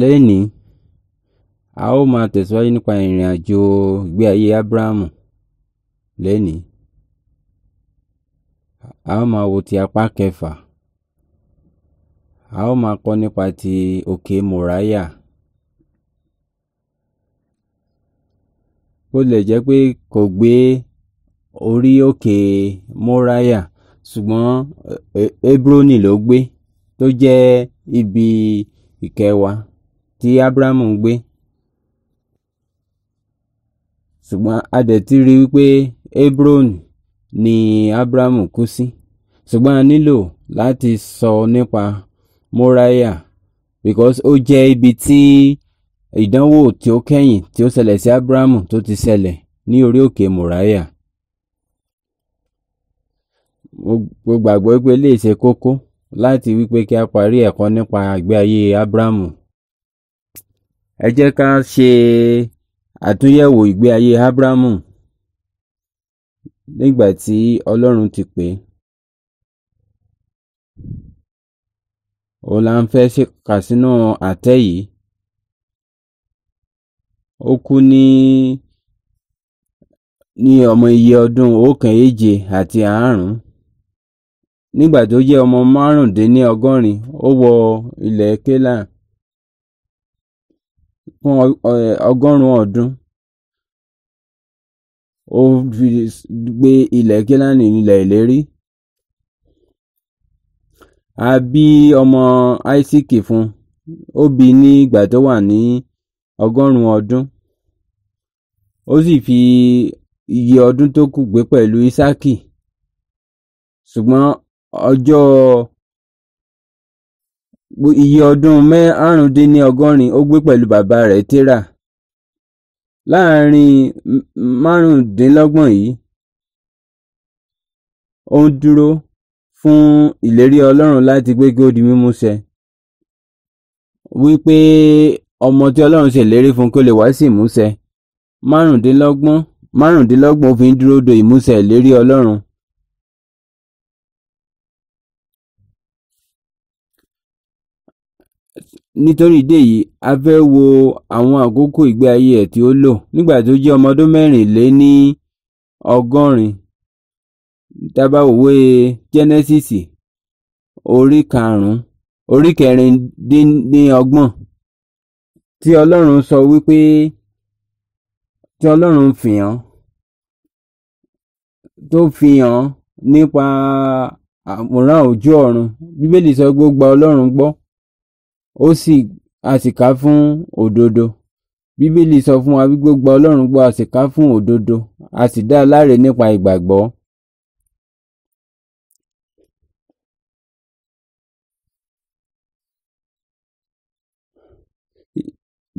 Lẹ́nìí, a ó máa tẹ̀síwájú nípa ìrìn àjò ìgbé ayé Ábúráhámù. Lẹ́nìí, a ó máa wo ti apá kẹfà. A ó máa kọ́ nípa ti òkè Mòráyà. Bó tilẹ̀ jẹ́ pé kò gbé orí òkè Mòráyà ṣùgbọ́n Hébroni ló gbé tó jẹ́ ibi ìkẹwàá tí ábúráhámù ń gbé ṣùgbọ́n a dẹ̀ ti rí wípé hebron ni ábúráhámù kú sí ṣùgbọ́n a nílò láti sọ nípa moriah because ó jẹ́ ibi tí ìdánwò tí ó kẹ́yìn tí ó ṣẹlẹ̀ sí ábúráhámù tó ti ṣẹlẹ̀ ní orí òkè moriah mo gbàgbọ́ pé lè ṣe kókó láti wípé kí a parí ẹ̀kọ́ nípa ìgbé ayé ábúráhámù ẹ jẹ́ ká ṣe àtúnyẹ̀wò ìgbé ayé ábúráhámù nígbà tí ọlọ́run ti pè é òun là ń fẹ́ kà sínú àtẹ́ yìí ó kú ní ní ọmọ iye ọdún ọ̀kànléje àti àárún nígbà tó jẹ́ ọmọ márùndínlọ́gọ́rin ó wọ ilẹ̀ kélà pọ́n ọgọ́rùn-ún ọdún ó fi gbé ilẹ̀ kílánì nílẹ̀ ìlérí a bí ọmọ áísíkì fún ó bí ní ìgbà tó wà ní ọgọ́rùn-ún ọdún ó sì fi iye ọdún tó kù gbé pẹ̀lú ísákì ṣùgbọ́n ọjọ́ iye ọdún márùndínlọ́gọ́rin ó gbé pẹ̀lú bàbá rẹ̀ terah láàárín márùndínlọ́gbọ̀n yìí ó ń dúró fún ìlérí ọlọ́run láti pé kí ó di mímúṣẹ wípé ọmọ tí ọlọ́run ṣèlérí fún kó lè wá sí ìmúṣẹ márùndínlọ́gbọ̀n márùndínlọ́gbọ̀n ó fi ń dúró do ìmúṣẹ ìlérí ọlọ́run Nítorí ìdí èyí, a fẹ́ wo àwọn àkókò ìgbé ayé ẹ̀ tí ó lò nígbà tí ó jẹ́ ọmọ ọdún mẹ́rìnléní ọgọ́rin. Tá bá wo ìwé Genesis orí karùn-ún orí kẹrìndínlọ́gbọ̀n tí Ọlọ́run sọ wípé tí Ọlọ́run fi tó fi nípa àwòrán ojú ọ̀run Bíbélì sọ pé Ọlọ́run gbọ́ ó sì a sì kà fún òdodo bíbélì sọ fún wa wípé gba ọlọ́run gbọ́ a sì kà fún òdodo a sì dá a láre nípa ìgbàgbọ́.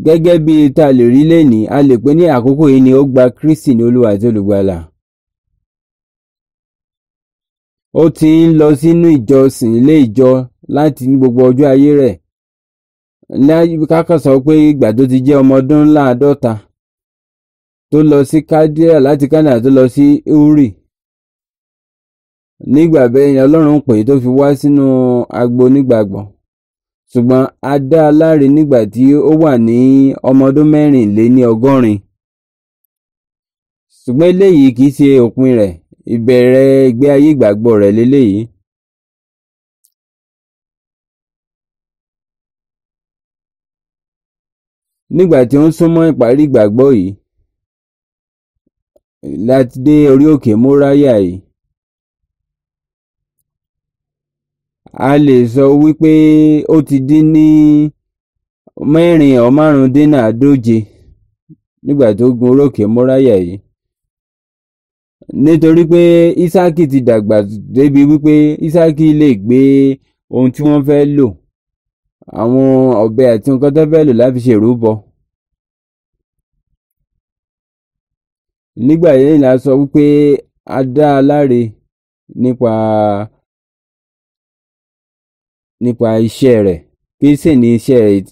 gẹ́gẹ́ bí ta lè rí lénìí a lè pè ní àkókò yìí ni ó gba Kristi ní Olúwa àti Olùgbàlà ó ti ń lọ sínú ìjọsìn ilé ìjọ láti ní gbogbo ọjọ́ ayé rẹ̀ kákan sọ pé ìgbà tó ti jẹ́ ọmọ ọdún láàádọ́ta tó lọ sí kádíà láti kánà tó lọ sí uri nígbà bẹ́ẹ̀ yẹn ọlọ́run pè tó fi wá sínú agbo nígbàgbọ́ ṣùgbọ́n a dá a láre nígbà tí ó wà ní ọmọ ọdún mẹ́rin lé ní ọgọ́rin ṣùgbọ́n eléyìí kì í ṣe òpin rẹ̀ ìbẹ̀rẹ̀ ìgbé ayé ìgbàgbọ́ rẹ̀ léléyìí nígbà tí ó ń súnmọ́ ìparí ìgbàgbọ́ yìí láti dé orí òkè Móráyà yìí a lè sọ wípé ó ti dín ní mẹ́rin ọ̀ márùndínláàdóje nígbà tó gun orí òkè yìí nítorí pé Ísákì ti dàgbà débi wípé Ísákì lè gbé ohun tí wọ́n fẹ́ lò àwọn ọ̀bẹ àti nǹkan tó fẹ́ lò láti ṣe ìrúbọ. nígbà yìí la sọ wípé a dá a láre nípa nípa iṣẹ́ rẹ̀ kí sì ni iṣẹ́ rẹ̀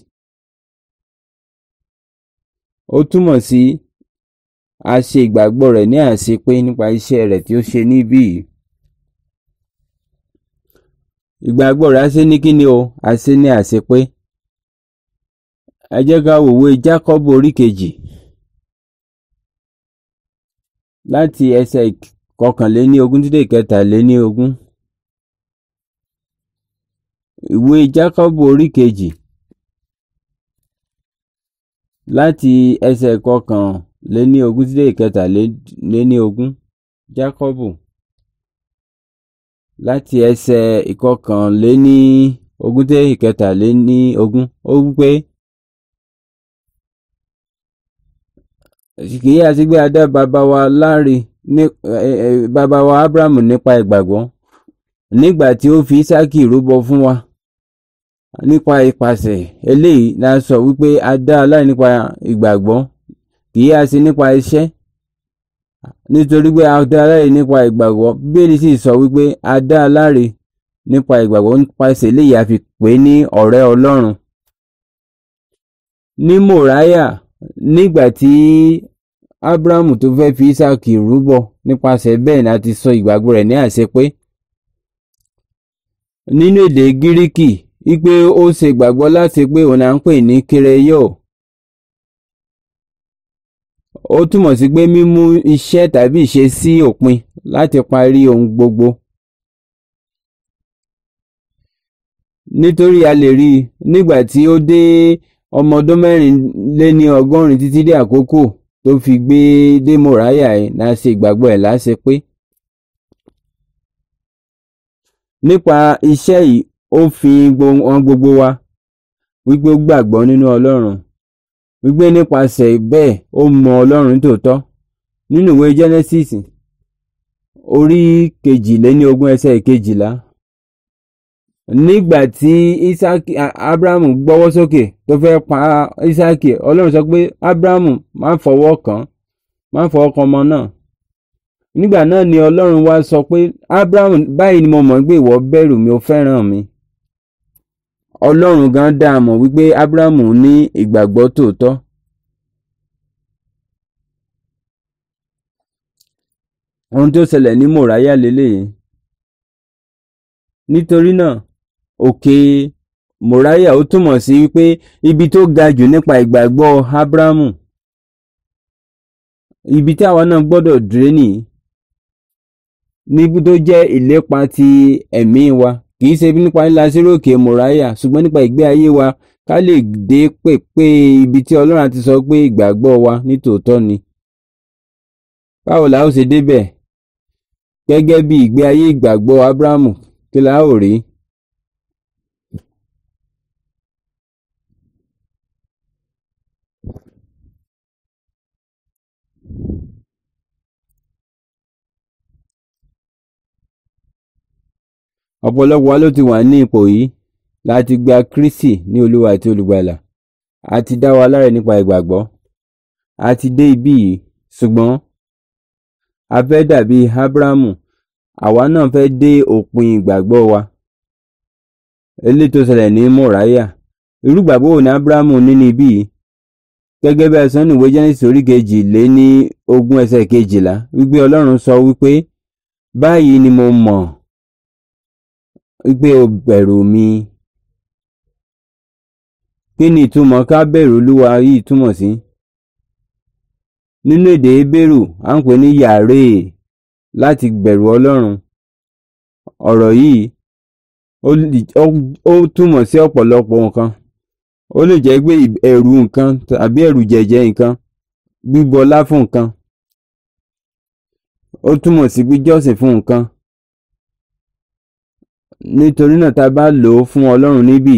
ó túmọ̀ sí a ṣe ìgbàgbọ́ rẹ̀ ní àṣepé nípa iṣẹ́ rẹ̀ tí ó ṣe níbí yìí ìgbàgbọ́ rẹ̀ àṣẹ ní kíni o àṣẹ ní àṣepé ẹ jẹ́ ká wòwe Jákọ́bù orí kejì láti ẹsẹ̀ kọkànléní ogún títí ìkẹtàléní ogún ìwé Jákọ́bù orí kejì láti ẹsẹ̀ kọkànléní ogún títí ìkẹtàléní ogún Jákọ́bù láti ẹsẹ̀ ìkọkànléní ogún dé ìkẹtàléní ogún ó wípé. kì í àti pé a dá bàbá wa láre ní bàbá wa Abraham nípa ìgbàgbọ́ nígbà tí ó fi isaki rúbọ fún wa nípa ìpàṣẹ eléyìí la sọ wípé a dá láre nípa ìgbàgbọ́ kì í àti nípa iṣẹ́ nítorí pé a dá láre nípa ìgbàgbọ́ bíbélì sì sọ wípé a dá láre nípa ìgbàgbọ́ nípasẹ̀ eléyìí a fi pè é ní ọ̀rẹ́ ọlọ́run. ní mòráyà nígbà tí ábúráhámù tó fẹ́ fi ísáàkì rúbọ nípasẹ̀ bẹ́ẹ̀ ni a ti sọ ìgbàgbọ́ rẹ̀ ní àṣepé nínú èdè gíríkì wípé ó ṣe gbàgbọ́ láti pé òun à ń pè ní kéreyó ó túmọ̀ sí pé mímú iṣẹ́ tàbí ìṣe sí òpin láti parí ohun gbogbo. nítorí a lè rí i nígbà tí ó dé ọmọ ọdún mẹ́rin lé ní ọgọ́rin títí dé àkókò tó fi gbé dé mòráyà ẹ̀ náà ṣe ìgbàgbọ́ ẹ̀ láṣẹ pé. nípa iṣẹ́ yìí ó fi hàn gbogbo wa wípé ó gbàgbọ́ nínú Ọlọ́run wípé nípasẹ̀ bẹ́ẹ̀ ó mọ ọlọ́run tòótọ́ nínú ìwé Genesis orí kejìléní ogún ẹsẹ̀ kejìlá nígbà tí isaki abrahamu gbọ́wọ́ sókè tó fẹ́ pa isaki ọlọ́run sọ pé abrahamu má fọwọ́ kàn má fọwọ́ kàn ọmọ náà nígbà náà ni ọlọ́run wá sọ pé abrahamu báyìí ni mo mọ̀ pé ìwọ bẹ̀rù mi ò fẹ́ràn mi ọlọ́run gan dá a mọ̀ wípé ábúráhámù ní ìgbàgbọ́ tòótọ́. ohun tó ṣẹlẹ̀ ní mòráyà lélẹ́yìí nítorí náà òkè mòráyà ó túmọ̀ sí wípé ibi tó ga jù nípa ìgbàgbọ́ ábúráhámù ibi tí àwa náà gbọ́dọ̀ dúró nìyí níbi tó jẹ́ ìlépa ti ẹ̀mí wa. kì í ṣe bí nípa ńlá síróòkè mòráyà ṣùgbọ́n nípa ìgbé ayé wa ká lè dé pèpè ibi tí ọlọ́run ti sọ pé ìgbàgbọ́ wa tòótọ́ ni. báwo la ó ṣe débẹ̀ gẹ́gẹ́ bí ìgbé ayé ìgbàgbọ́ abrahamu kí la ó ọ̀pọ̀lọpọ̀ wa ló ti wà ní ipò yìí láti gba Kristi ní olúwa àti olùgbàlà a ti dá wa láre nípa ìgbàgbọ́ a ti dé ibí yìí ṣùgbọ́n a fẹ́ dàbí Ábúráhámù àwa náà fẹ́ dé òpin ìgbàgbọ́ wa eléyìí tó ṣẹlẹ̀ ní Mòráyà irú ìgbàgbọ́ wo ni Ábúráhámù ní níbí yìí gẹ́gẹ́ bí ẹ̀sán ìwé Jẹ́nẹ́sì orí kejì lé ní ogún ẹsẹ̀ kejìlá wípé Ọlọ́run sọ wípé báyìí ni mo mọ̀ wípé o bẹ̀rù mi kí ni ìtumọ̀ ká bẹ̀rù olúwa yìí túmọ̀ sí nínú èdè Hébérù à ń pè ní yàrá láti bẹ̀rù Ọlọ́run ọ̀rọ̀ yìí ó túmọ̀ sí ọ̀pọ̀lọpọ̀ nǹkan ó lè jẹ́ gbé ẹ̀rù nǹkan tàbí ẹ̀rù jẹ̀jẹ̀ nǹkan fún nǹkan ó nítorí náà tá a bá lò ó fún ọlọ́run níbí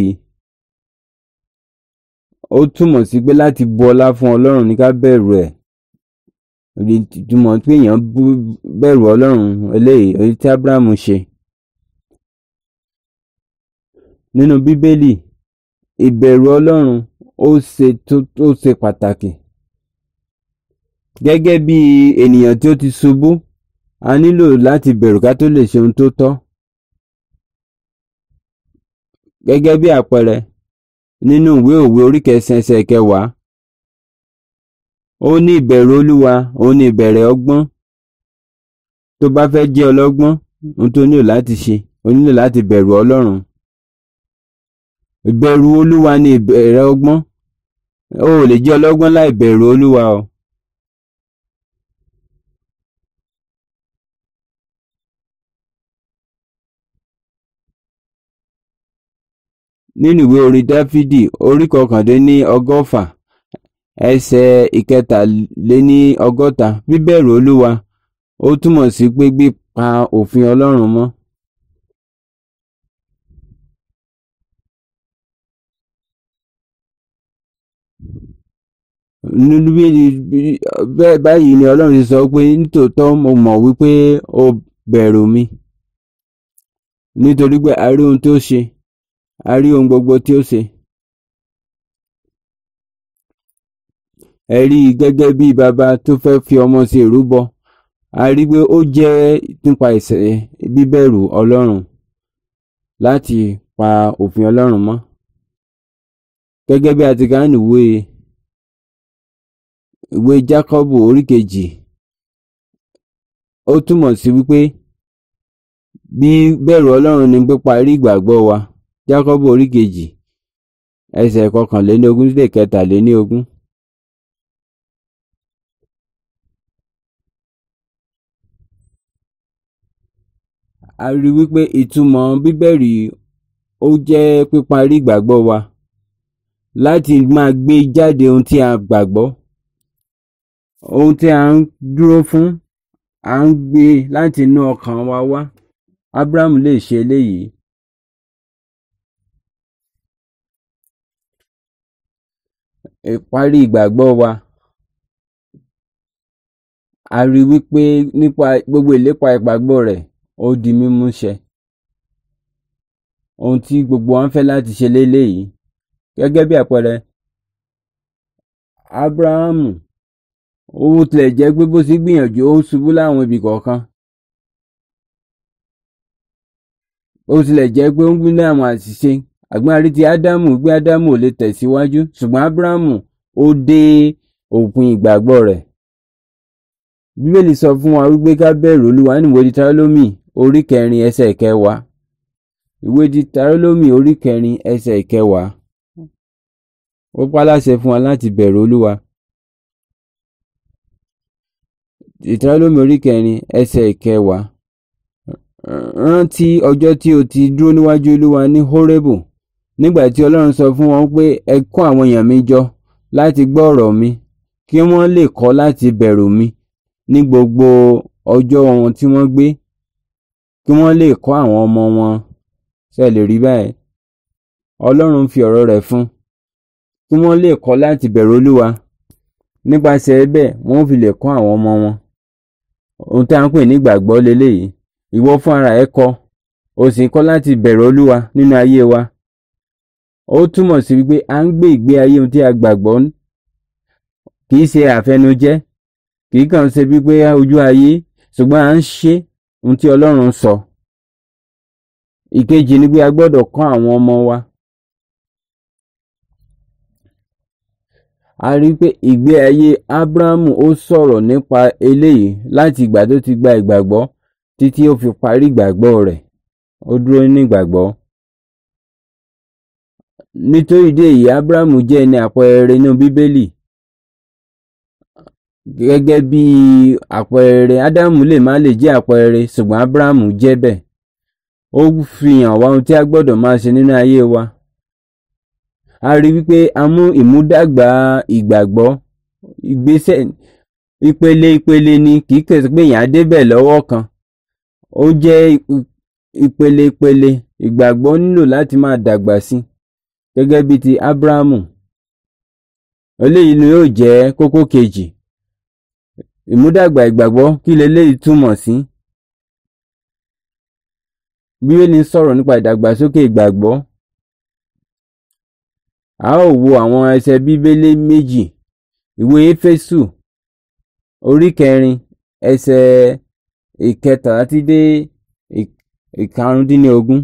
ó túmọ̀ sí pé láti bu ọlá fún ọlọ́run ní ká bẹ̀rù ẹ̀ ìtumọ̀ pé èèyàn bẹ̀rù ọlọ́run eléyìí èyí tí abrahamu ṣe nínú bíbélì ìbẹ̀rù ọlọ́run ó ṣe ó ṣe pàtàkì gẹ́gẹ́ bí ènìyàn tí ó ti ṣubú a nílò láti bẹ̀rù ká tó lè ṣe ohun tó tọ́ gẹ́gẹ́ bí àpẹẹrẹ nínú ìwé òwe orí kẹsàn-án ẹsẹ̀ kẹwàá ó ní ìbẹ̀rù olúwa òun ní ìbẹ̀rẹ̀ ọgbọ́n tó bá fẹ́ jẹ́ ọlọ́gbọ́n ohun tó nílò láti ṣe ó nílò láti bẹ̀rù ọlọ́run ìbẹ̀rù olúwa ní ìbẹ̀rẹ̀ ọgbọ́n o ò lè jẹ́ ọlọ́gbọ́n láì bẹ̀rù olúwa o nínú ìwé orin dáfídì orí kọkàndínní ọgọ́fà ẹsẹ̀ ìkẹtàléní ọgọ́ta bíbẹ̀rù olúwa ó túmọ̀ sí pé gbípa òfin ọlọ́run mọ́. báyìí ni ọlọ́run ti sọ pé nítòótọ́ mo mọ̀ wípé o bẹ̀rù mi nítorí pé a rí ohun tó ṣe a rí ohun gbogbo tí ó ṣe. ẹ rí i gẹ́gẹ́ bí bàbá tó fẹ́ fi ọmọ sí ìrúbọ a rí pé ó jẹ́ nípa ìṣẹ̀ bíbẹ̀rù ọlọ́run láti pa òfin ọlọ́run mọ́ gẹ́gẹ́ bí a ti kà níwé ìwé Jákọ́bù oríkejì ó túmọ̀ sí wípé bí bẹ̀rù ọlọ́run ni píparí ìgbàgbọ́ wa. jákọ́bù oríkejì ẹsẹ̀ kọkànléníogún dé kẹtàléníogún. a rí wípé ìtumọ̀ bíbẹ̀rì ó jẹ́ píparí ìgbàgbọ́ wa láti máa gbé jáde ohun tí a gbàgbọ́ ohun tí a ń dúró fún à ń gbé láti inú ọkàn wa wá Abraham lè ṣe eléyìí ìparí ìgbàgbọ́ wa a rí wípé nípa gbogbo ìlépa ìgbàgbọ́ rẹ̀ ó di mímú ṣẹ ohun tí gbogbo wa ń fẹ́ láti ṣe léléyìí gẹ́gẹ́ bí àpẹẹrẹ Ábúráhámù ó tilẹ̀ jẹ́ pé bó ti gbìyànjú ó ń ṣubú láwọn ibì kọ̀ọ̀kan ó tilẹ̀ jẹ́ pé ó ń gbìn láwọn àṣìṣe agbárí ti ádámù gbé ádámù ò lè tẹ̀síwájú ṣùgbọ́n ábúráhámù ó dé òpin ìgbàgbọ́ rẹ̀ bíbélì sọ fún wa wípé ká bẹ̀rù olúwa nínú ìwé Dítárónómì orí kẹrin ẹsẹ̀ kẹwàá ìwé Dítárónómì orí kẹrin ẹsẹ̀ kẹwàá ó pàláṣẹ fún wa láti bẹ̀rù olúwa Dítárónómì orí kẹrin ẹsẹ̀ kẹwàá rántí ọjọ́ tí o ti dúró níwájú olúwa ní Hórébù nígbà tí ọlọ́run sọ fún wọn pé ẹ kó àwọn èèyàn mi jọ láti gbọ́ ọ̀rọ̀ mi kí wọ́n lè kọ́ láti bẹ̀rù mi ní gbogbo ọjọ́ wọn tí wọ́n gbé kí wọ́n lè kọ́ àwọn ọmọ wọn ṣe lè rí báyìí ọlọ́run fi ọ̀rọ̀ rẹ̀ fún kí wọ́n lè kọ́ láti bẹ̀rù olúwa nípasẹ̀ bẹ́ẹ̀ wọ́n fi lè kọ́ àwọn ọmọ wọn ohun tá à ń pè ní ìgbàgbọ́ leléyìí ìwọ fún ara ẹ kọ́ o sì kọ́ láti bẹ̀rù olúwa nínú ayé wa ó túmọ̀ sí wípé à ń gbé ìgbé ayé ohun tí a gbàgbọ́ kì í ṣe àfẹnujẹ́ kì í kàn ṣe wípé ojú ayé ṣùgbọ́n à ń ṣe ohun tí Ọlọ́run sọ ìkejì ni pé a gbọ́dọ̀ kọ́ àwọn ọmọ wa a rí pé ìgbé ayé Ábúráhámù ó sọ̀rọ̀ nípa eléyìí láti ìgbà tó ti gba ìgbàgbọ́ títí ó fi parí ìgbàgbọ́ rẹ̀ ó dúró ní ìgbàgbọ́ nítorí ìdí èyí abrahamu jẹ́ ẹni àpẹẹrẹ inú bíbélì gẹ́gẹ́ bí àpẹẹrẹ ádámù lè má lè jẹ́ àpẹẹrẹ ṣùgbọ́n abrahamu jẹ́ bẹ́ẹ̀ ó fi hàn wá ohun tí a gbọ́dọ̀ máa ṣe nínú ayé wa a rí wípé a mú ìmúdàgbà ìgbàgbọ́ ìgbésẹ̀ ìpele ìpele ni kì í kẹsì pé èèyàn á débẹ̀ lọ́wọ́ kan ó jẹ́ ìpele ìpele ìgbàgbọ́ nílò láti máa dàgbà sí i gẹ́gẹ́ bíi ti ábúráhámù eléyìí ni yóò jẹ́ kókó kejì ìmúdàgbà ìgbàgbọ́ kí leléyìí túmọ̀ sí bíbélì ń sọ̀rọ̀ nípa ìdàgbàsókè ìgbàgbọ́ a ó wo àwọn ẹsẹ̀ bíbélì méjì ìwé éfésù orí kẹrin ẹsẹ̀ ìkẹtàlá ti dé ìkarùndínlógún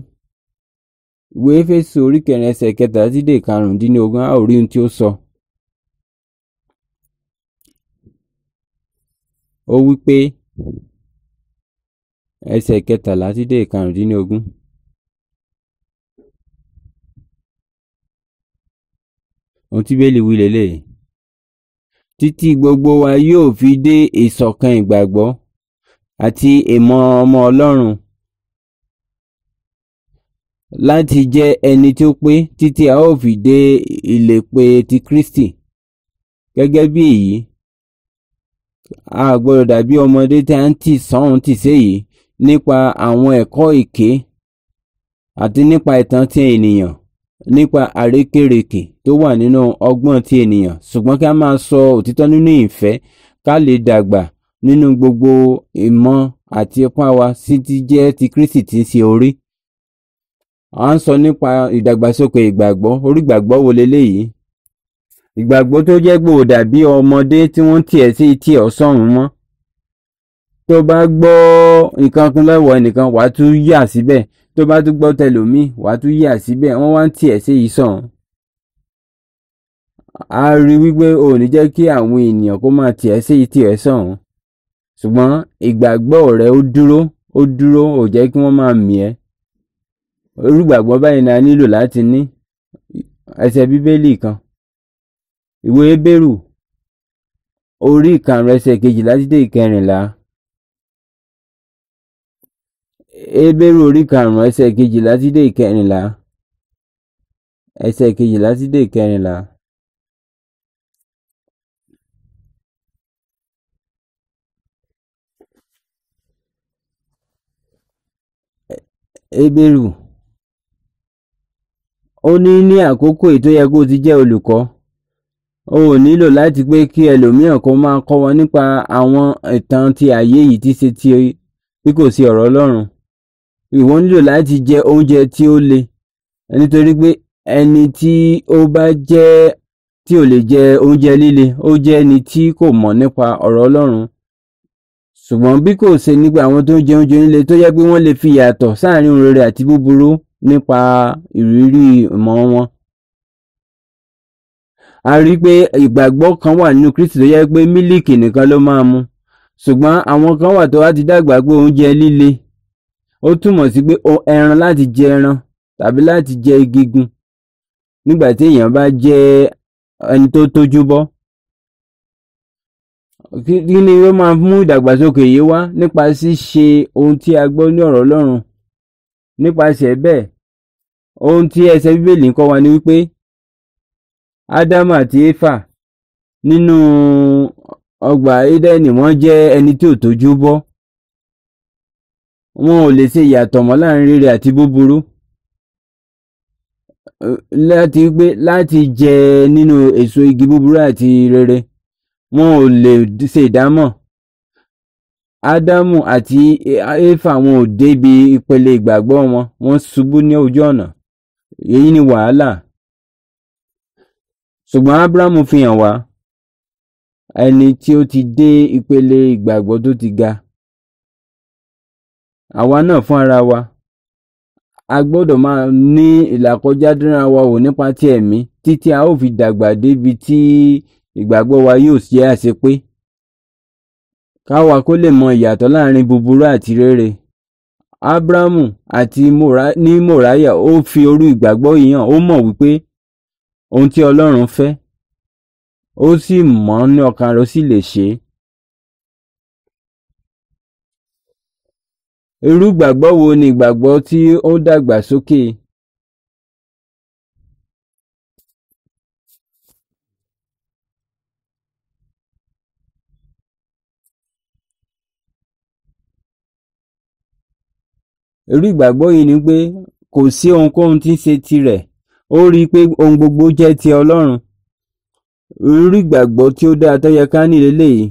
ìwé éfésù orí kẹrin ẹsẹ̀ kẹta sí dé karùndínlógún a ò rí ohun tí ó sọ. ó wí pé ẹsẹ̀ kẹtàlá sí dé karùndínlógún. ohun tí bẹ́ẹ̀ lè wí lélẹ̀ títí gbogbo wa yóò fi dé ìṣọ̀kan ìgbàgbọ́ àti ìmọ̀ ọmọ Ọlọ́run láti jẹ́ ẹni tí ó pé títí a ó fi dé ìlépe ti Kristi gẹ́gẹ́ bí èyí a gbọ́dọ̀ dàbí ọmọdé tí a ń tì sọ́hun tì séyìí nípa àwọn ẹ̀kọ́ èké àti nípa ìtàn ti ènìyàn nípa àrékèrèkè tó wà nínú ọgbọ́n ti ènìyàn ṣùgbọ́n kí a máa sọ òtítọ́ nínú ìfẹ́ ká lè dàgbà nínú gbogbo ìmọ̀ àti ipá wa sí ti jẹ́ ti Kristi tí í ṣe orí à ń sọ nípa ìdàgbàsókè ìgbàgbọ́ orígbàgbọ́ wo leléyìí ìgbàgbọ́ tó jẹ́ gbòòdà bí ọmọdé tí wọ́n tiẹ̀ sí tí ọ̀ sọ̀rùn mọ́ tó bá gbọ́ nǹkan kan lọ́wọ́ ẹnìkan wàá tún yà síbẹ̀ tó bá tún gbọ́ tẹlòmíì wàá tún yà síbẹ̀ wọ́n wá ń tiẹ̀ sí yìí sọ̀rùn a rí wípé o ò ní jẹ́ kí àwọn ènìyàn kó máa tiẹ̀ sí tiẹ̀ sọ̀rùn ṣùgbọ́n ìgbàgbọ́ rẹ̀ ó dúró ó dúró ò jẹ́ kí wọ́n máa mì ẹ́ orúgbàgbọ́ báyìí ni a nílò láti ní ẹsẹ̀ bíbélì kan ìwé Hébérù orí ìkarùn ẹsẹ̀ kejìlá títí ìkẹrìnlá Hébérù orí ìkarùn ẹsẹ̀ kejìlá títí ìkẹrìnlá ẹsẹ̀ kejìlá títí ìkẹrìnlá. Hébérù ó ní ní àkókò èyí tó yẹ kó ti jẹ́ olùkọ́ o ò nílò láti pé kí ẹlòmíràn kó máa kọ́ wọn nípa àwọn ìtàn ti ayé yìí ti ṣe ti bí kò sí ọ̀rọ̀ Ọlọ́run ìwọ nílò láti jẹ oúnjẹ tí ó le nítorí pé ẹni tí ó bá jẹ́ tí ò lè jẹ oúnjẹ líle ó jẹ́ ẹni tí kò mọ̀ nípa ọ̀rọ̀ Ọlọ́run ṣùgbọ́n bí kò ṣe nípa àwọn tó ń jẹ oúnjẹ líle tó yẹ pé wọ́n lè fi yàtọ̀ sáàrin òun rere àti búburú nípa ìrírí ìmọ̀ wọn. a rí i pé ìgbàgbọ́ kan wà nínú Kristi tó yẹ pé mílíkì nìkan ló máa mu ṣùgbọ́n àwọn kan wà tó wá ti dàgbà pé oúnjẹ líle ó túmọ̀ sí pé ẹran láti jẹ ẹran tàbí láti jẹ igi nígbà tí èèyàn bá jẹ ẹni tó tójú bọ́ kí ni ó máa mú ìdàgbàsókè yìí wá nípa ṣíṣe ohun tí a gbọ́ ní ọ̀rọ̀ Ọlọ́run nípasẹ̀ bẹ́ẹ̀ ohun tí ẹsẹ̀ bíbélì ń kọ́ wa ni wípé ádámù àti éfà nínú ọgbà édẹ́nì wọ́n jẹ́ ẹni tí ò tójú bọ́ wọn ò lè ṣe ìyàtọ̀ mọ́ láàrin rere àti búburú láti pé láti jẹ nínú èso igi búburú àti rere wọn ò lè ṣe ìdámọ̀ ádámù àti éfà wọn ò débi ìpele ìgbàgbọ́ wọn wọ́n ṣubú ní ojú ọ̀nà èyí ni wàhálà ṣùgbọ́n ábúrámù fi hàn wá ẹni tí ó ti dé ìpele ìgbàgbọ́ tó ti ga àwa náà fún ara wa a gbọ́dọ̀ máa ní ìlàkọjá dínra wa wò nípa ti ẹ̀mí títí a ó fi dàgbà débi tí ìgbàgbọ́ wa yóò ṣe àṣepé káwa kó lè mọ ìyàtọ̀ láàrin búburú àti rere ábúráhámù àti ní mòráyà ó fi orú ìgbàgbọ́ yìí hàn ó mọ̀ wípé ohun tí ọlọ́run fẹ́ ó sì mọ̀ ọ́ ní ọkàn rẹ̀ ó sì lè ṣe é. irú ìgbàgbọ́ wo ni ìgbàgbọ́ tí ó dàgbà sókè? irú ìgbàgbọ́ yìí ni pé kò sí ohunkóhun tí ń ṣe tirẹ̀ ó rí i pé ohun gbogbo jẹ́ ti ọlọ́run irú ìgbàgbọ́ tí ó dáa tó yẹ ká ní leléyìí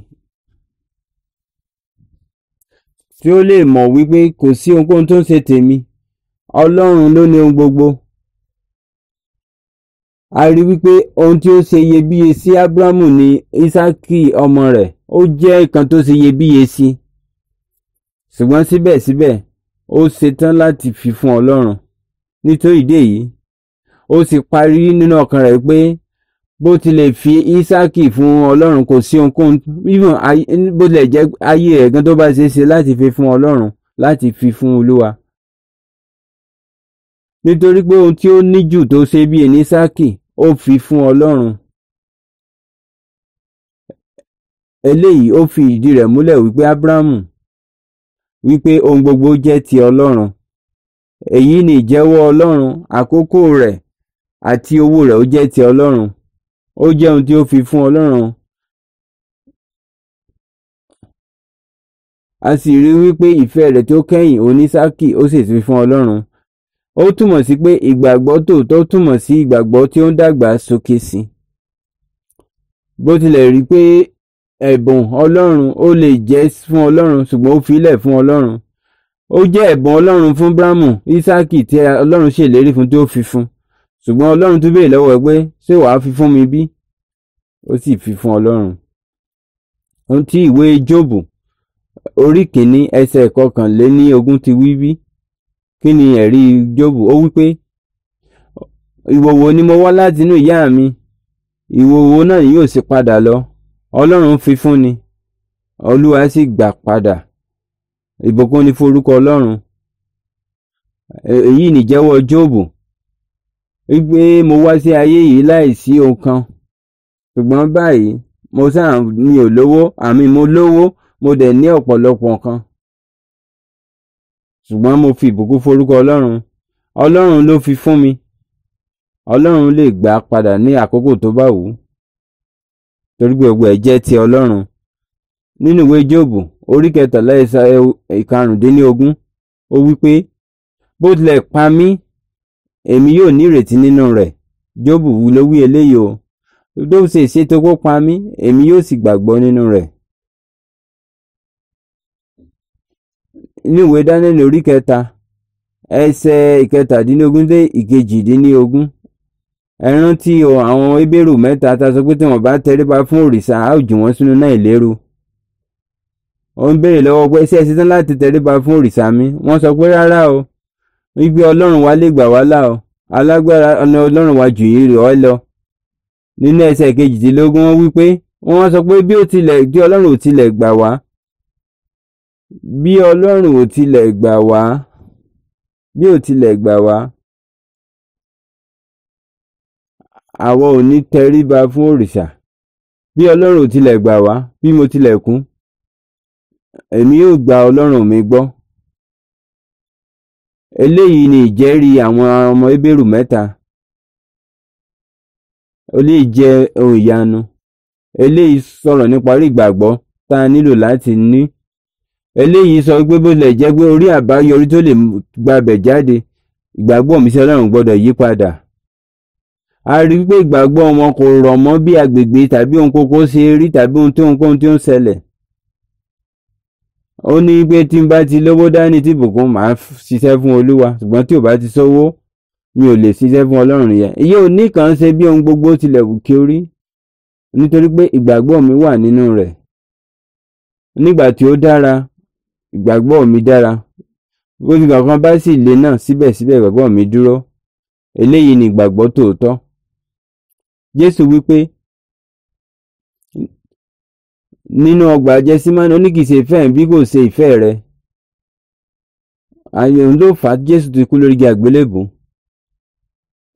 tí ó lè mọ̀ wípé kò sí ohunkóhun tó ń ṣe tèmi ọlọ́run ló ní ohun gbogbo a rí wípé ohun tí ó ṣe iyebíye sí Ábúráhámù ni Ísákì ọmọ rẹ̀ ó jẹ́ nǹkan tó ṣe iyebíye sí ṣùgbọ́n síbẹ̀síbẹ̀ ó ṣetán láti fi fún ọlọ́run nítorí ìdí èyí ó sì parí nínú ọkàn rẹ̀ pé bó tilẹ̀ fi Ísákì fún ọlọ́run kò sí ohunkóhun bó tilẹ̀ jẹ́ ayé rẹ̀ gan tó bá ṣeé ṣe láti fi fún ọlọ́run láti fi fún olúwa nítorí pé ohun tí ó ní jù tó ṣe bí ní Ísákì ó fi fún ọlọ́run eléyìí ó fi ìdí rẹ̀ múlẹ̀ wípé Ábúráhámù wípé ohun gbogbo jẹ́ ti ọlọ́run èyí ni ìjẹ́wọ́ ọlọ́run àkókò rẹ̀ àti owó rẹ̀ ó jẹ́ ti ọlọ́run ó jẹ́ ohun tí ó fi fún ọlọ́run a sì rí wípé ìfẹ́ rẹ̀ tó kẹ́yìn onísákì ó sì fi fún ọlọ́run ó túmọ̀ sí pé ìgbàgbọ́ tòótọ́ túmọ̀ sí ìgbàgbọ́ tí ó ń dàgbà sókè sí bó tilẹ̀ rí pé ẹ̀bùn ọlọ́run ó lè jẹ́ fún ọlọ́run ṣùgbọ́n ó filẹ̀ fún ọlọ́run ó jẹ́ ẹ̀bùn ọlọ́run fún bramu isaki tí ọlọ́run ṣèlérí fún tí ó fi fún ṣùgbọ́n ọlọ́run tún béèrè lọ́wọ́ ẹ pé ṣé wàá fi fún mi bí ó sì fi fún ọlọ́run ohun tí ìwé jóòbù orí kìíní ẹsẹ̀ kọkànléní ogún ti wí bí kí ni ẹ̀rí jóòbù ó wí pé ìwòwò ni mo wá látinú ìyá mi ìwòwò náà yóò sì padà lọ ọlọ́run fi fún ni olúwa sì gbà padà ìbùkún ni forúkọ ọlọ́run e, èyí nìjẹ́wọ́ jóòbù wípé mo wá sí ayé yìí láìsí ohun kan ṣùgbọ́n báyìí mo sáà mi ò lówó àmì mo lówó mo dẹ̀ ní ọ̀pọ̀lọpọ̀ nǹkan ṣùgbọ́n mo fi ìbùkún forúkọ ọlọ́run ọlọ́run ló fi fún mi ọlọ́run lè gbà padà ní àkókò tó bá wù ú torí gbogbo ẹ̀ jẹ́ ti ọlọ́run nínú ìwé jóòbù orí kẹtàlá ìkarùndínlógún ó wí pé bó tilẹ̀ pa mí èmi yóò ní ìrètí nínú rẹ̀ jóòbù ló wí eléyìí o tó ṣe ìṣètò kó pa mí èmi yóò sì gbàgbọ́ nínú rẹ̀. nínú ìwé dánilẹ̀ orí kẹta ẹsẹ̀ ìkẹtàdínlógún dé ìkejìdínlógún ẹ rántí àwọn ebérù mẹ́ta ta sọ pé tí wọ́n bá tẹríba fún òrìṣà á ò jù wọ́n sínú náà ìlérò ó ń béèrè lọ́wọ́ pé ṣé ẹ ṣetán láti tẹríba fún òrìṣà mi wọ́n sọ pé rárá o wípé ọlọ́run wa lè gbà wá là o alágbára ọ̀nà ọlọ́run wa jù yìí rẹ̀ ọ́ lọ nínú ẹsẹ̀ kejìdínlógún wọ́n wípé wọ́n sọ pé bí ó tilẹ̀ bí ọlọ́run ò tilẹ̀ gbà wá bí ọlọ́run ò tilẹ̀ gbà wá bí ò tilẹ̀ gbà wá àwọn ò ní tẹríba fún òrìṣà bí ọlọ́run ò tilẹ̀ gbà wá bí mo tilẹ̀ kún èmi yóò gba ọlọ́run mi gbọ́ eléyìí ni ìjẹ́rìí àwọn ọmọ Hébérù mẹ́ta ó lè jẹ́ ohun ìyanu eléyìí sọ̀rọ̀ nípa orí ìgbàgbọ́ tá a nílò láti ní eléyìí sọ pé bó tilẹ̀ jẹ́ pé orí àbáyọrí tó lè gbabẹ̀ jáde ìgbàgbọ́ mi sí ọlọ́run gbọ́dọ̀ yí padà a rí i pé ìgbàgbọ́ wọn kò rọ̀ mọ́ bí agbègbè tàbí ohun kókó ṣe rí tàbí ohun tí ohunkóhun tí ó ń ṣẹlẹ̀ ó ní pé tí n bá ti lówó dání tí ìbùkún máa ṣiṣẹ́ fún olúwa ṣùgbọ́n tí ò bá ti sówó mi ò lè ṣiṣẹ́ fún ọlọ́run yẹn iye òní kan ṣe bí ohun gbogbo tilẹ̀ wù kí ó rí nítorí pé ìgbàgbọ́ mi wà nínú rẹ̀ nígbà tí ó dára ìgbàgbọ́ mi dára bó ti gbà bá sì le náà síbẹ̀síbẹ̀ ìgbàgbọ́ mi dúró eléyìí ni ìgbàgbọ́ tòótọ́ jésù wípé nínú ọgbà jẹsímánì oníkìsí ìfẹ́ bí kò ṣe ìfẹ́ rẹ àyẹ̀wò ló fà á jésù ti kú lórí igi àgbélébùú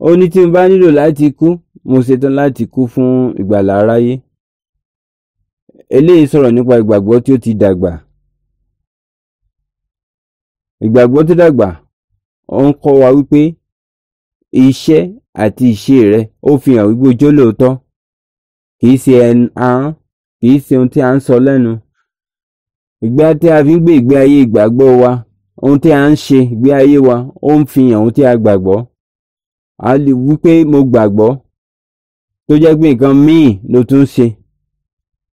ó ní tí mo bá nílò láti kú mo ṣetán láti kú fún ìgbàlá aráyé eléyìí sọ̀rọ̀ nípa ìgbàgbọ́ tí ó ti dàgbà ìgbàgbọ́ tó dàgbà ó ń kọ́ wa wípé iṣẹ́ àti ìṣe rẹ̀ ó fi hàn wípé ó jẹ́ kìí ṣe ohun tí a ń sọ lẹ́nu ìgbé tí a fi gbé ayé ìgbàgbọ́ wa ohun tí a ń ṣe ìgbé ayé wa ó ń ohun tí a a lè wípé mo gbàgbọ́ tó jẹ́ pé nǹkan míì ló tún ṣe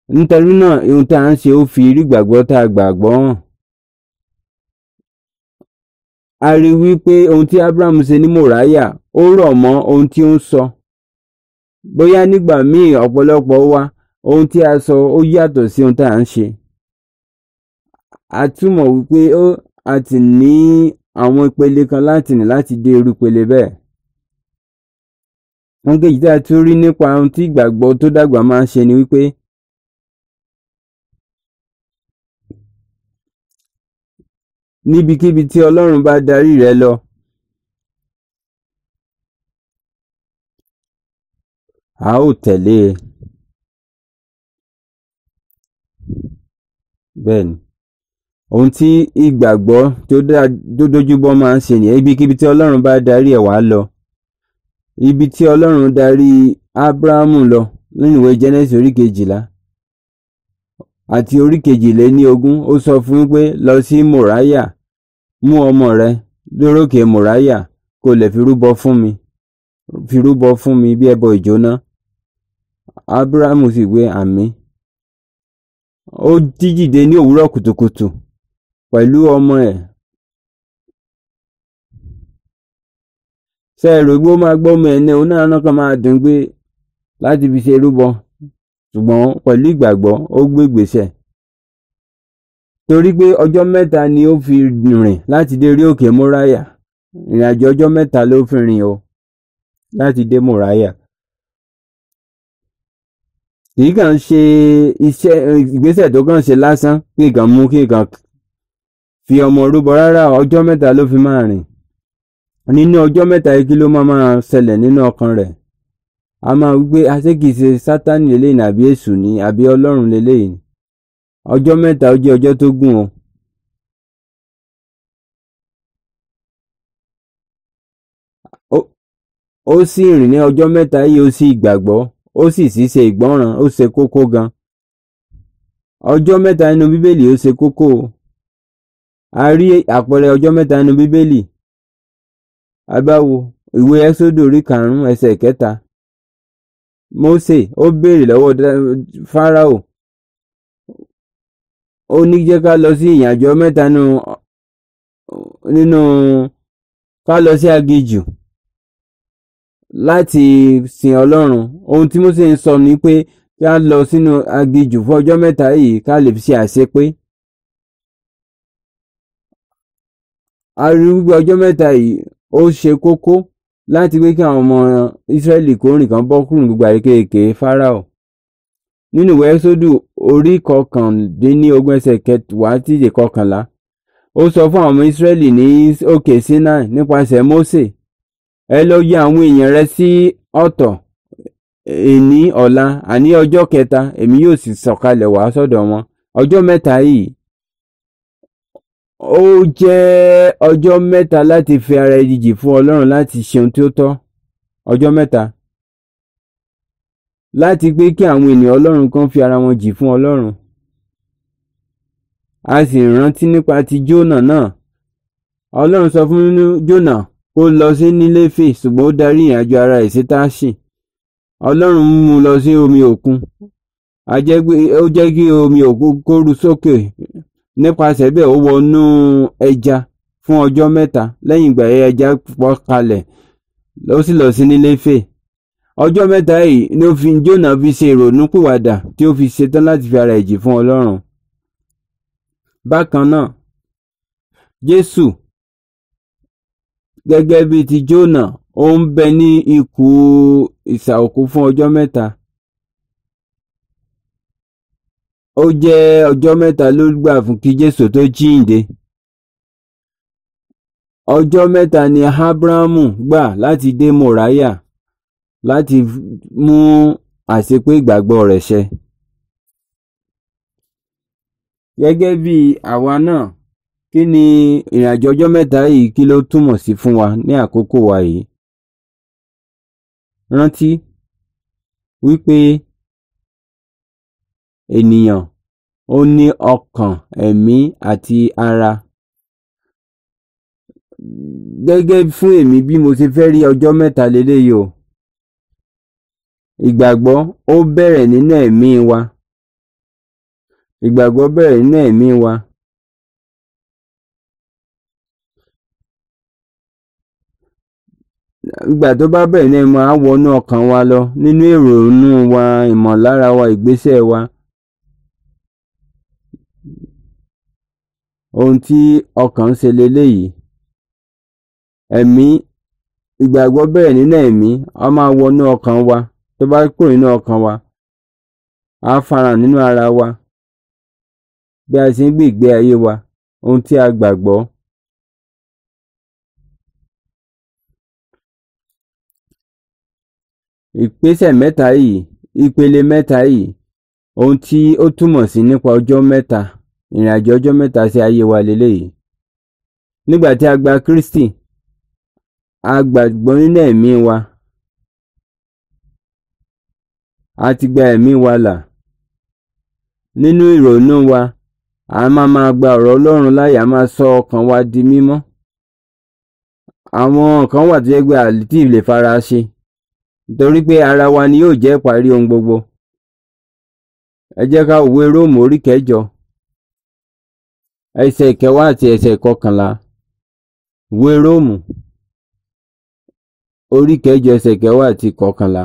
ohun tí a ń fi irú ìgbàgbọ́ tá a gbàgbọ́ a rí wípé ohun tí Abraham ṣe ní Mòráyà ó rọ̀ mọ́ ohun tí ó ń sọ bóyá nígbà míì ọ̀pọ̀lọpọ̀ wa ohun tí a sọ ó yàtọ̀ sí ohun tá à ń ṣe a túmọ̀ wípé ó a ti ní àwọn ìpele kan láti ní láti dé irú ìpele bẹ́ẹ̀ wọn kejì tá a tún rí nípa ohun tí ìgbàgbọ́ tó dàgbà máa ń ṣe ni wípé níbikíbi tí Ọlọ́run bá darí rẹ lọ. a ó tẹ̀lé e. bẹ́ẹ̀ni ohun tí ìgbàgbọ́ tó dójúbọ́ máa ń ṣe nìyẹn ibikíbi tí Ọlọ́run bá darí ẹ̀ wá lọ ibi tí Ọlọ́run darí Ábúráhámù lọ nínú ìwé Genesis orí kejìlá àti orí ogún, ó sọ fún pé lọ sí mòráyà mú ọmọ rẹ lórókè mòráyà kò lè fi rúbọ fún mi fi rúbọ fún mi bí ẹbọ ìjóná abrahamu sì wé àmì, ó jí ní òwúrọ ọmọ máa ọmọ ní kan máa dùn gbé láti ṣùgbọ́n pẹ̀lú ìgbàgbọ́ ó gbé ìgbésẹ̀ torí pé ọjọ́ mẹ́ta ni ó fi rìn láti dé rí òkè Mòráyà ìrìnàjò ọjọ́ mẹ́ta ló fi rìn o láti dé Mòráyà kìí kàn ṣe iṣẹ́ ìgbésẹ̀ tó kàn ṣe lásán kí nǹkan mú kí nǹkan fi ọmọ rúbọ rárá ọjọ́ mẹ́ta ló fi máa rìn nínú ọjọ́ mẹ́ta yìí kí ló máa máa ṣẹlẹ̀ nínú ọkàn rẹ̀ a máa wí pé àṣé kìí ṣe sátánì lélẹ́yìn ni àbí èṣù ni àbí ọlọ́run lélẹ́yìn ni ọjọ́ mẹ́ta ó jẹ́ ọjọ́ tó gùn o. ó sì rìn ní ọjọ́ mẹ́ta yìí ó sì gbàgbọ́ ó sì sì ṣe ìgbọ́ràn ó ṣe kókó gan ọjọ́ mẹ́ta nínú bíbélì ó ṣe kókó o a rí àpẹẹrẹ ọjọ́ mẹ́ta nínú bíbélì a bá wo ìwé ẹ́sódò orí karùn-ún ẹsẹ̀ kẹta Mose, ó béèrè lọ́wọ́ Fáráò ó ní jẹ́ ká lọ sí ìyànjọ mẹ́ta nínú ká lọ sí aginjù láti sìn Ọlọ́run ohun tí Mósè ń sọ ni pé kí a lọ sínú aginjù fún ọjọ́ mẹ́ta yìí ká lè fi ṣe àṣepé ariwo ọjọ́ mẹ́ta yìí ó ṣe kókó láti pé kí àwọn ọmọ Ísírẹ́lì kórìn kan bọ́ kúrò gbogbo àríkèéké Fáráò nínú ìwé ẹ́sódù orí kọkàndínlógún ẹsẹ̀ kẹwàá tíje kọkànlá ó sọ fún àwọn ọmọ Ísírẹ́lì ní òkè Sinai nípasẹ̀ Mósè ẹ lọ yà àwọn èèyàn rẹ sí ọ̀tọ̀ èní ọ̀la àní ọjọ́ kẹta èmi yóò sì sọ̀kalẹ̀ wá wọn ọjọ́ mẹ́ta yìí ó jẹ́ ọjọ́ mẹ́ta láti fi ara ẹni jì fún ọlọ́run láti ṣeun tí ó tọ́ ọjọ́ mẹ́ta láti pé kí àwọn ènìyàn ọlọ́run kan fi ara wọn jì fún ọlọ́run a sì rántí nípa ti Jónà náà ọlọ́run sọ fún Jónà kó lọ sí Nínéfè ṣùgbọ́n ó darí ìrìnàjò ara ẹ̀ sí Táṣì ọlọ́run mú un lọ sí omi òkun a jẹ́ ó jẹ́ kí omi òkun kóru sókè nípasẹ̀ bẹ́ẹ̀ ó wọnú ẹja fún ọjọ́ mẹ́ta lẹ́yìn ìgbà yẹn ẹja pọ̀ kalẹ̀ ó sì lọ sí Nínéfè ọjọ́ mẹ́ta yìí ni ó fi Jónà fi ṣe ìrònúpìwàdà tí ó fi ṣetán láti fi ara ẹ̀jì fún Ọlọ́run bákan náà Jésù gẹ́gẹ́ bíi ti Jónà ó ń bẹ ní ikú ìsà fún ọjọ́ mẹ́ta ó jẹ́ ọjọ́ mẹ́ta ló gbà fún kí Jésù tó jíǹde ọjọ́ mẹ́ta ni Ábúráhámù gbà láti dé Mòráyà láti mú àṣepé ìgbàgbọ́ rẹ̀ ṣẹ gẹ́gẹ́ bí àwa náà kí ni ìrìnàjò ọjọ́ mẹ́ta yìí kí ló túmọ̀ sí fún wa ní àkókò wa yìí rántí wípé Ènìyàn, ó ní ọkàn, ẹ̀mí àti ara. Gẹ́gẹ́ fún èmi bí mo ṣe fẹ́ rí ọjọ́ mẹ́ta leléyìí o. Ìgbàgbọ́ ó bẹ̀rẹ̀ nínú ẹ̀mí wa. Ìgbàgbọ́ bẹ̀rẹ̀ nínú ẹ̀mí wa. Ìgbà tó bá wa ọkàn wa lọ nínú èrò inú wa ìmọ̀lára wa ìgbésẹ̀ wa. ohun tí ọkàn ń ṣe leléyìí ẹ̀mí ìgbàgbọ́ bẹ̀rẹ̀ nínú ẹ̀mí a máa wọnú ọkàn wa tó bá kúrò nínú ọkàn wa a farahàn nínú ara wa bí a ṣe ń gbé ìgbé ayé wa ohun tí a gbàgbọ́. ìpèsè mẹ́ta yìí ìpele mẹ́ta yìí ohun tí ó túmọ̀ sí nípa ọjọ́ mẹ́ta. ìrìn àjò ọjọ́ mẹ́ta sí ayé wa lélẹ́yìí nígbà tí a gba Kristi a gbàgbọ́ nínú ẹ̀mí wa a ti gba ẹ̀mí wa là nínú ìrònú wa a máa máa gba ọ̀rọ̀ Ọlọ́run láyè a máa sọ ọkàn wa di mímọ́ àwọn nǹkan wà tó yẹ pé àlítì lè fara ṣe nítorí pé ara wa ni yóò jẹ́ ìparí ohun gbogbo ẹ jẹ́ ká òwe Róòmù orí kẹjọ ẹsẹ̀ kẹwàá àti ẹsẹ̀ kọkànlá ìwé róòmù orí kẹjọ ẹsẹ̀ kẹwàá àti kọkànlá.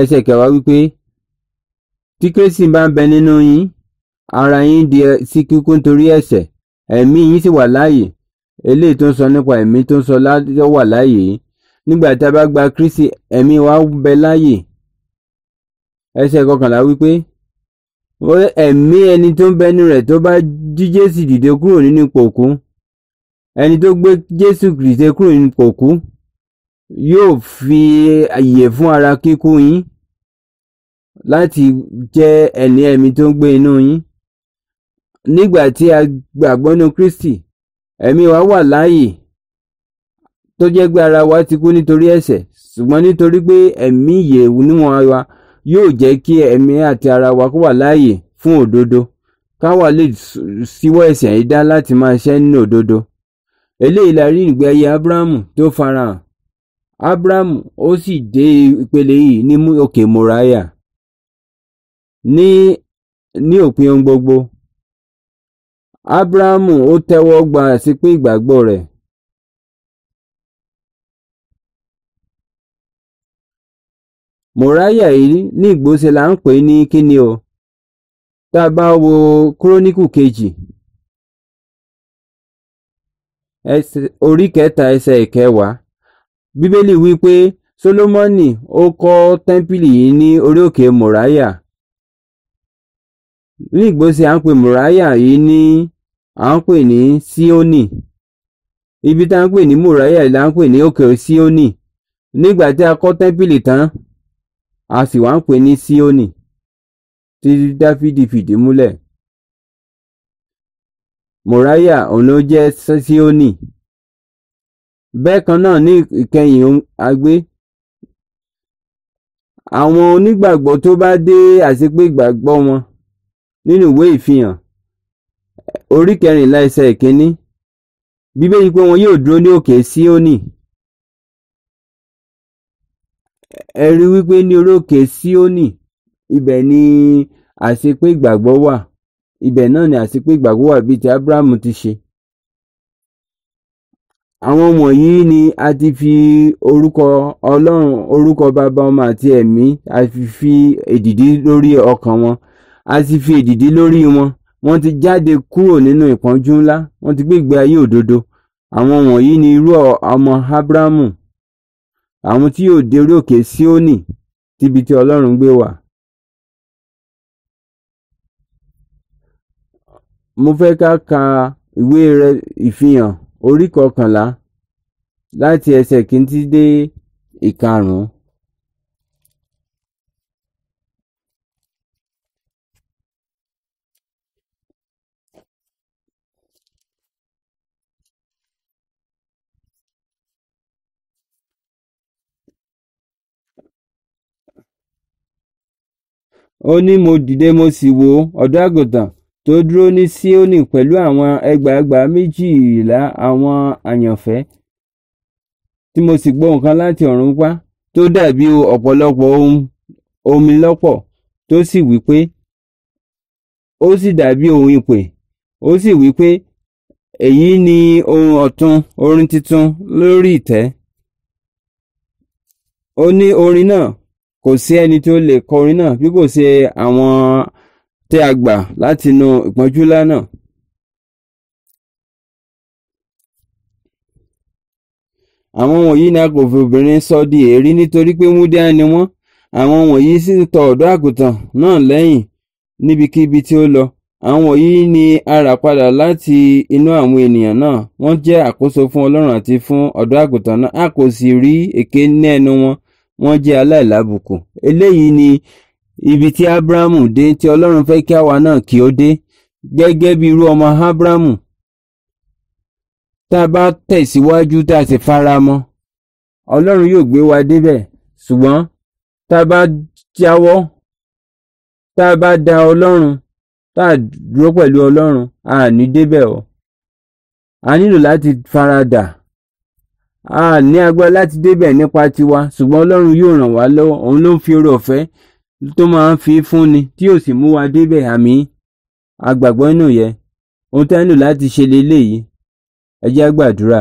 ẹsẹ̀ kẹwàá wípé tí kérésì bá ń bẹ nínú yín ara yín di sí kíkú nítorí ẹ̀ṣẹ̀ ẹ̀mí yín sì wà láàyè eléyìí tó ń sọ nípa ẹ̀mí tó ń sọ wà láàyè nígbà tá a bá gba Kristi ẹ̀mí wa bẹ láàyè ẹsẹ̀ kọkànlá wípé ẹ̀mí ẹni tó ń bẹnu rẹ̀ tó bá jí Jésù dìde kúrò nínú ipò òkú ẹni tó gbé Jésù dìde kúrò nínú ipò òkú yóò fi àyè fún ara kíkú yín láti jẹ́ ẹni ẹ̀mí tó ń gbé inú yín nígbà tí a gbàgbọ́ Kristi ẹ̀mí wa wà láàyè tó jẹ́ pé ara wa ti kú nítorí ẹ̀ṣẹ̀ ṣùgbọ́n nítorí pé ẹ̀mí ìyèwù níwọ̀n wa yóò jẹ́ kí ẹ̀mí àti ara wa kó wà láàyè fún òdodo káwa lè ṣíwọ́ ẹ̀ṣẹ̀ yìí dá láti máa ṣẹ́ nínú òdodo eléyìí la rí ìgbé ayé Ábúráhámù tó farahàn Ábúráhámù ó sì dé ìpele yìí ní òkè Mòráyà ní òpin ohun gbogbo Abrahamu ó tẹ́wọ́ gba àṣepé ìgbàgbọ rẹ̀. mòráyà yìí ní ìgbóse là ń pè ní kíni o tá a bá wo kúrónìkù kejì orí kẹta ẹsẹ̀ ìkẹwàá bíbélì wí pé sólómọ́nì ó kọ́ tẹ́ḿpìlì yìí ní orí òkè ní ìgbóse à à ń pè ní Síónì ibi tá ń pè ní Mòráyà là ń pè ní òkè Síónì nígbà tí a kọ́ tẹ́ḿpìlì tán a sì wá ń pè ní Síónì tí Dáfídì fìdí múlẹ̀ Mòráyà òun ló jẹ́ Síónì bẹ́ẹ̀ kan náà ní ìkẹyìn agbé àwọn onígbàgbọ́ tó bá dé àṣepé ìgbàgbọ́ wọn nínú ìwé ìfihàn orí kẹrìnlá ẹsẹ̀ ìkíní bíbélì pé wọn yóò dúró ní òkè síónì ẹ rí wípé ní orí òkè síónì ibẹ̀ ni àṣepé ìgbàgbọ́ wà ibẹ̀ náà ni àṣepé ìgbàgbọ́ wà bíi ti Abrahamu ti ṣe àwọn wọ̀nyí ni a ti fi orúkọ Ọlọ́run orúkọ bàbá ọmọ àti ẹ̀mí a ti fi èdìdí lórí ọkàn wọn a ti fi èdìdí lórí wọn wọ́n ti jáde kúrò nínú ìpọ́njú ńlá wọ́n ti gbé ìgbé ayé òdodo àwọn wọ̀nyí ni irú ọmọ ábúrámù àwọn tí yóò dé orí òkè síónì tíbi tí ọlọ́run gbé wà. mo fẹ́ ká ka ìwé rẹ̀ ìfihàn orí kọkànlá láti ẹsẹ̀ kìíní dé ìkarùn-ún. ó ní mo dìde mo sì wo ọ̀dọ́ àgùntàn tó dúró ní Síónì pẹ̀lú àwọn ẹgbàágbà méjìlá àwọn àyànfẹ́ tí mo sì gbọ́ nǹkan láti ọ̀run wá tó dàbí ọ̀pọ̀lọpọ̀ ohun omi lọ́pọ̀ tó sì wí pé ó sì dàbí ohun ìpè ó sì wí pé èyí ni ohun ọ̀tun orin tuntun lórí ìtẹ́ ó ní orin náà kò sí ẹni tí ó lè kọ orin náà bí kò ṣe àwọn tí a gbà látinú ìpọ́njú lánàá. àwọn wọ̀nyí ni a kò fi obìnrin sọ di èérí nítorí pé múdíá ni wọ́n àwọn wọ̀nyí sì tọ ọ̀dọ́ àgùntàn náà lẹ́yìn níbikíbi tí ó lọ àwọn wọ̀nyí ni a rà padà láti inú àwọn ènìyàn náà wọ́n jẹ́ àkóso fún ọlọ́run àti fún ọ̀dọ́ àgùntàn náà a kò sì rí èké ní ẹnu wọn wọ́n jẹ́ aláìlábùkù eléyìí ni ibi tí ábúrámù dé tí ọlọ́run fẹ́ kí àwa náà kí ó dé gẹ́gẹ́ bí irú ọmọ ábúrámù tá a bá tẹ̀síwájú tá a sì fara mọ́ ọlọ́run yóò gbé wa débẹ̀ ṣùgbọ́n tá a bá jáwọ́ tá a bá da ọlọ́run tá a dúró pẹ̀lú ọlọ́run a ní débẹ̀ o a nílò láti faradà a ní agbára láti débẹ̀ nípa tiwa ṣùgbọ́n ọlọ́run yóò ràn wá lọ́wọ́ òun ló ń fi oore ọ̀fẹ́ tó máa ń fi fúnni tí yóò sì mú wa débẹ̀ àmì agbàgbọ́ inú yẹ ohun tá a nílò láti ṣe leléyìí ẹ jẹ́ àgbàdúrà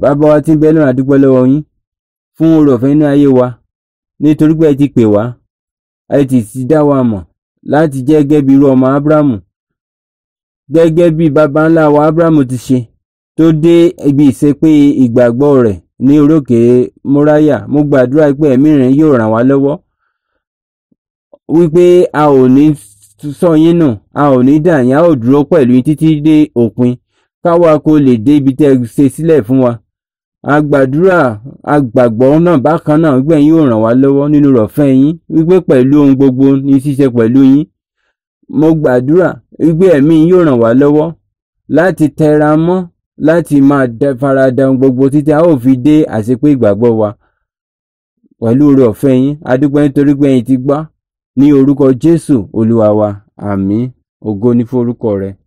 bàbá wa ti ń bẹ lọ́run àdúgbò lọ́wọ́ yín fún oore ọ̀fẹ́ inú ayé wa nítorí pé ẹ ti pè wá ẹ ti ti dá wa mọ̀ láti jẹ́ gẹ́gẹ́ bí irú ọmọ ábúrámù gẹ́gẹ́ bí baba ńlá wa ábúrámù ti ṣe tó dé ibi ìsepé ìgbàgbọ́ rẹ̀ ní orókè Mòráyà mo gbàdúrà pé ẹ̀mí rẹ̀ yóò ràn wá lọ́wọ́ wípé a ò ní sọ yín nù a ò ní dà yín a ò dúró pẹ̀lú yín títí dé òpin káwa kó lè dé ibi tẹ́ ṣe sílẹ̀ fún wa a gbàdúrà agbàgbọ́ náà bákan náà wípé ẹ̀yin yóò ràn wá lọ́wọ́ nínú rọ̀fẹ́ yín wípé pẹ̀lú ohun gbogbo ní ṣíṣe pẹ̀lú yín mo gbàdúrà wípé ẹ̀mí yóò ràn wá lọ́wọ́ láti tẹra mọ́ láti máa farada gbogbo títí a ó fi dé àṣepé ìgbàgbọ́ wa pẹ̀lú oore ọ̀fẹ́ yín a dúpẹ́ nítorí pé ẹ̀yin ti gbà ní orúkọ Jésù Olúwa wa àmín ògo ní forúkọ rẹ̀